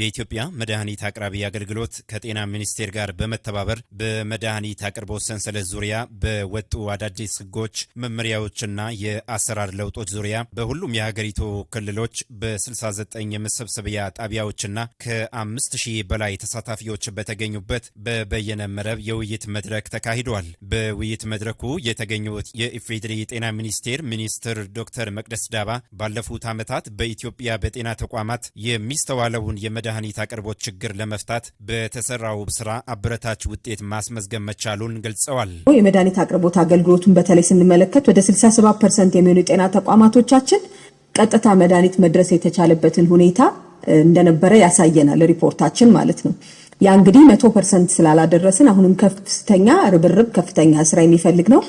የኢትዮጵያ መድኃኒት አቅራቢ አገልግሎት ከጤና ሚኒስቴር ጋር በመተባበር በመድኃኒት አቅርቦት ሰንሰለት ዙሪያ በወጡ አዳዲስ ሕጎች መመሪያዎችና የአሰራር ለውጦች ዙሪያ በሁሉም የሀገሪቱ ክልሎች በ69 የመሰብሰቢያ ጣቢያዎችና ከ 5000 ሺህ በላይ ተሳታፊዎች በተገኙበት በበየነ መረብ የውይይት መድረክ ተካሂዷል። በውይይት መድረኩ የተገኙት የኢፌዴሪ ጤና ሚኒስቴር ሚኒስትር ዶክተር መቅደስ ዳባ ባለፉት ዓመታት በኢትዮጵያ በጤና ተቋማት የሚስተዋለውን የመ የመድኃኒት አቅርቦት ችግር ለመፍታት በተሰራው ስራ አበረታች ውጤት ማስመዝገብ መቻሉን ገልጸዋል። የመድኃኒት አቅርቦት አገልግሎቱን በተለይ ስንመለከት ወደ 67 ፐርሰንት የሚሆኑ የጤና ተቋማቶቻችን ቀጥታ መድኃኒት መድረስ የተቻለበትን ሁኔታ እንደነበረ ያሳየናል ሪፖርታችን ማለት ነው። ያ እንግዲህ መቶ ፐርሰንት ስላላደረስን አሁንም ከፍተኛ ርብርብ፣ ከፍተኛ ስራ የሚፈልግ ነው።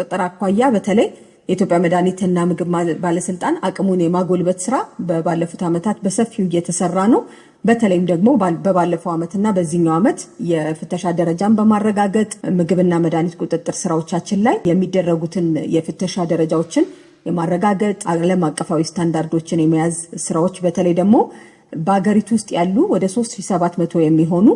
ቁጥጥር አኳያ በተለይ የኢትዮጵያ መድኃኒትና ምግብ ባለስልጣን አቅሙን የማጎልበት ስራ በባለፉት ዓመታት በሰፊው እየተሰራ ነው። በተለይም ደግሞ በባለፈው ዓመትና በዚህኛው ዓመት የፍተሻ ደረጃን በማረጋገጥ ምግብና መድኃኒት ቁጥጥር ስራዎቻችን ላይ የሚደረጉትን የፍተሻ ደረጃዎችን የማረጋገጥ ዓለም አቀፋዊ ስታንዳርዶችን የመያዝ ስራዎች በተለይ ደግሞ በሀገሪቱ ውስጥ ያሉ ወደ 3700 የሚሆኑ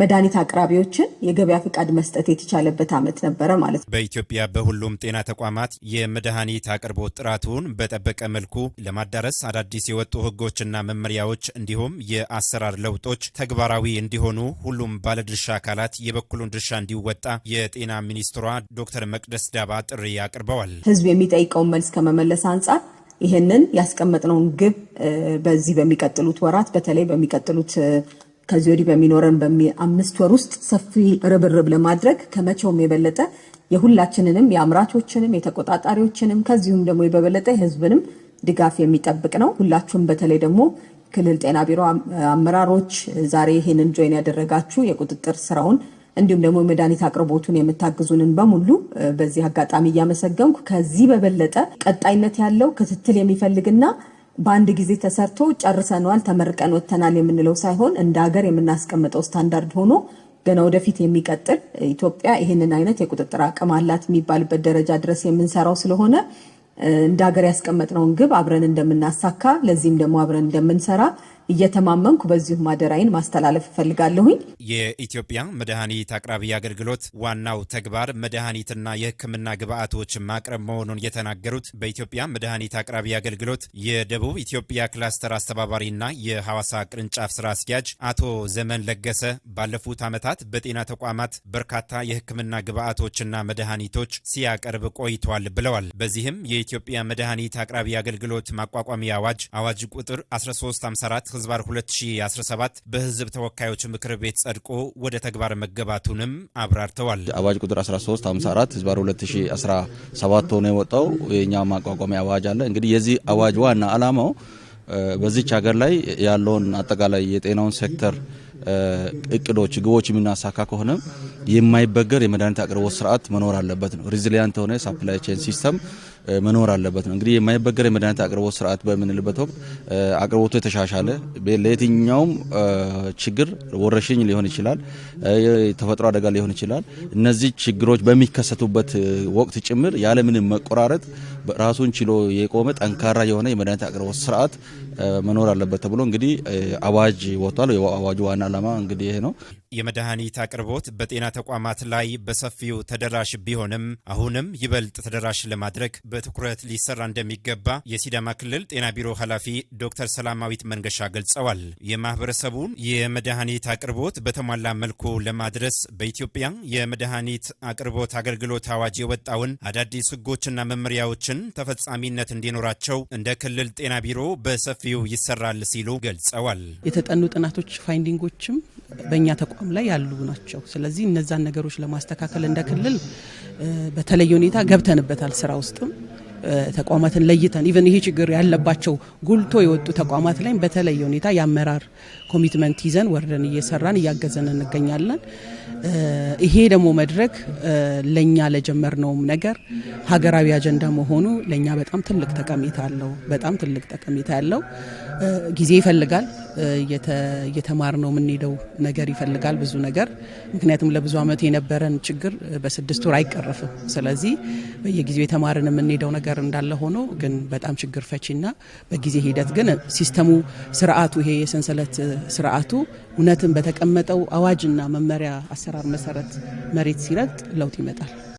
መድኃኒት አቅራቢዎችን የገበያ ፍቃድ መስጠት የተቻለበት ዓመት ነበረ ማለት ነው። በኢትዮጵያ በሁሉም ጤና ተቋማት የመድኃኒት አቅርቦት ጥራቱን በጠበቀ መልኩ ለማዳረስ አዳዲስ የወጡ ሕጎችና መመሪያዎች እንዲሁም የአሰራር ለውጦች ተግባራዊ እንዲሆኑ ሁሉም ባለድርሻ አካላት የበኩሉን ድርሻ እንዲወጣ የጤና ሚኒስትሯ ዶክተር መቅደስ ዳባ ጥሪ አቅርበዋል። ሕዝብ የሚጠይቀውን መልስ ከመመለስ አንጻር ይህንን ያስቀመጥነውን ግብ በዚህ በሚቀጥሉት ወራት በተለይ በሚቀጥሉት ከዚህ ወዲህ በሚኖረን በአምስት ወር ውስጥ ሰፊ ርብርብ ለማድረግ ከመቼውም የበለጠ የሁላችንንም የአምራቾችንም የተቆጣጣሪዎችንም ከዚሁም ደግሞ በበለጠ የህዝብንም ድጋፍ የሚጠብቅ ነው። ሁላችሁም በተለይ ደግሞ ክልል ጤና ቢሮ አመራሮች፣ ዛሬ ይህንን ጆይን ያደረጋችሁ የቁጥጥር ስራውን እንዲሁም ደግሞ የመድኃኒት አቅርቦቱን የምታግዙንን በሙሉ በዚህ አጋጣሚ እያመሰገንኩ ከዚህ በበለጠ ቀጣይነት ያለው ክትትል የሚፈልግና በአንድ ጊዜ ተሰርቶ ጨርሰነዋል ተመርቀን ወጥተናል የምንለው ሳይሆን እንደ ሀገር የምናስቀምጠው ስታንዳርድ ሆኖ ገና ወደፊት የሚቀጥል ኢትዮጵያ ይህንን አይነት የቁጥጥር አቅም አላት የሚባልበት ደረጃ ድረስ የምንሰራው ስለሆነ እንደ ሀገር ያስቀመጥነውን ግብ አብረን እንደምናሳካ ለዚህም ደግሞ አብረን እንደምንሰራ እየተማመንኩ በዚሁ ማደራይን ማስተላለፍ እፈልጋለሁኝ። የኢትዮጵያ መድኃኒት አቅራቢ አገልግሎት ዋናው ተግባር መድኃኒትና የሕክምና ግብዓቶች ማቅረብ መሆኑን የተናገሩት በኢትዮጵያ መድኃኒት አቅራቢ አገልግሎት የደቡብ ኢትዮጵያ ክላስተር አስተባባሪና የሐዋሳ ቅርንጫፍ ስራ አስኪያጅ አቶ ዘመን ለገሰ ባለፉት ዓመታት በጤና ተቋማት በርካታ የሕክምና ግብዓቶችና መድኃኒቶች ሲያቀርብ ቆይቷል ብለዋል። በዚህም የኢትዮጵያ መድኃኒት አቅራቢ አገልግሎት ማቋቋሚያ አዋጅ አዋጅ ቁጥር 1354 ህዝባር 2017 በህዝብ ተወካዮች ምክር ቤት ጸድቆ ወደ ተግባር መገባቱንም አብራርተዋል። አዋጅ ቁጥር 54 ህዝባር 2017 ሆኖ የወጣው የእኛ ማቋቋሚያ አዋጅ አለ። እንግዲህ የዚህ አዋጅ ዋና አላማው በዚች ሀገር ላይ ያለውን አጠቃላይ የጤናውን ሴክተር እቅዶች፣ ግቦች የምናሳካ ከሆነ የማይበገር የመድኃኒት አቅርቦት ስርዓት መኖር አለበት ነው። ሪዚሊያንት የሆነ ሳፕላይ ቼን ሲስተም መኖር አለበት ነው። እንግዲህ የማይበገር የመድኃኒት አቅርቦት ስርዓት በምንልበት ወቅት አቅርቦቱ የተሻሻለ ለየትኛውም ችግር ወረሽኝ ሊሆን ይችላል፣ የተፈጥሮ አደጋ ሊሆን ይችላል። እነዚህ ችግሮች በሚከሰቱበት ወቅት ጭምር ያለምንም መቆራረጥ ራሱን ችሎ የቆመ ጠንካራ የሆነ የመድኃኒት አቅርቦት ስርዓት መኖር አለበት ተብሎ እንግዲህ አዋጅ ወጥቷል። አዋጁ ዋና ዓላማ እንግዲህ ይሄ ነው። የመድኃኒት አቅርቦት በጤና ተቋማት ላይ በሰፊው ተደራሽ ቢሆንም አሁንም ይበልጥ ተደራሽ ለማድረግ በትኩረት ሊሰራ እንደሚገባ የሲዳማ ክልል ጤና ቢሮ ኃላፊ ዶክተር ሰላማዊት መንገሻ ገልጸዋል። የማህበረሰቡን የመድኃኒት አቅርቦት በተሟላ መልኩ ለማድረስ በኢትዮጵያ የመድኃኒት አቅርቦት አገልግሎት አዋጅ የወጣውን አዳዲስ ሕጎችና መመሪያዎችን ተፈጻሚነት እንዲኖራቸው እንደ ክልል ጤና ቢሮ በሰፊው ይሰራል ሲሉ ገልጸዋል። የተጠኑ ጥናቶች ፋይንዲንጎችም በእኛ ተቋም ላይ ያሉ ናቸው። ስለዚህ እነዛን ነገሮች ለማስተካከል እንደ ክልል በተለየ ሁኔታ ገብተንበታል ስራ ውስጥም ተቋማትን ለይተን ኢቨን ይሄ ችግር ያለባቸው ጉልቶ የወጡ ተቋማት ላይ በተለየ ሁኔታ የአመራር ኮሚትመንት ይዘን ወርደን እየሰራን እያገዘን እንገኛለን። ይሄ ደግሞ መድረክ ለእኛ ለጀመርነውም ነገር ሀገራዊ አጀንዳ መሆኑ ለእኛ በጣም ትልቅ ጠቀሜታ አለው። በጣም ትልቅ ጠቀሜታ ያለው ጊዜ ይፈልጋል። እየተማር ነው የምንሄደው ነገር ይፈልጋል ብዙ ነገር። ምክንያቱም ለብዙ ዓመት የነበረን ችግር በስድስት ወር አይቀረፍም። ስለዚህ በየጊዜው የተማርን የምንሄደው ነገር ነገር እንዳለ ሆኖ ግን በጣም ችግር ፈቺና በጊዜ ሂደት ግን ሲስተሙ ስርዓቱ ይሄ የሰንሰለት ስርዓቱ እውነትን በተቀመጠው አዋጅና መመሪያ አሰራር መሰረት መሬት ሲረጥ ለውጥ ይመጣል።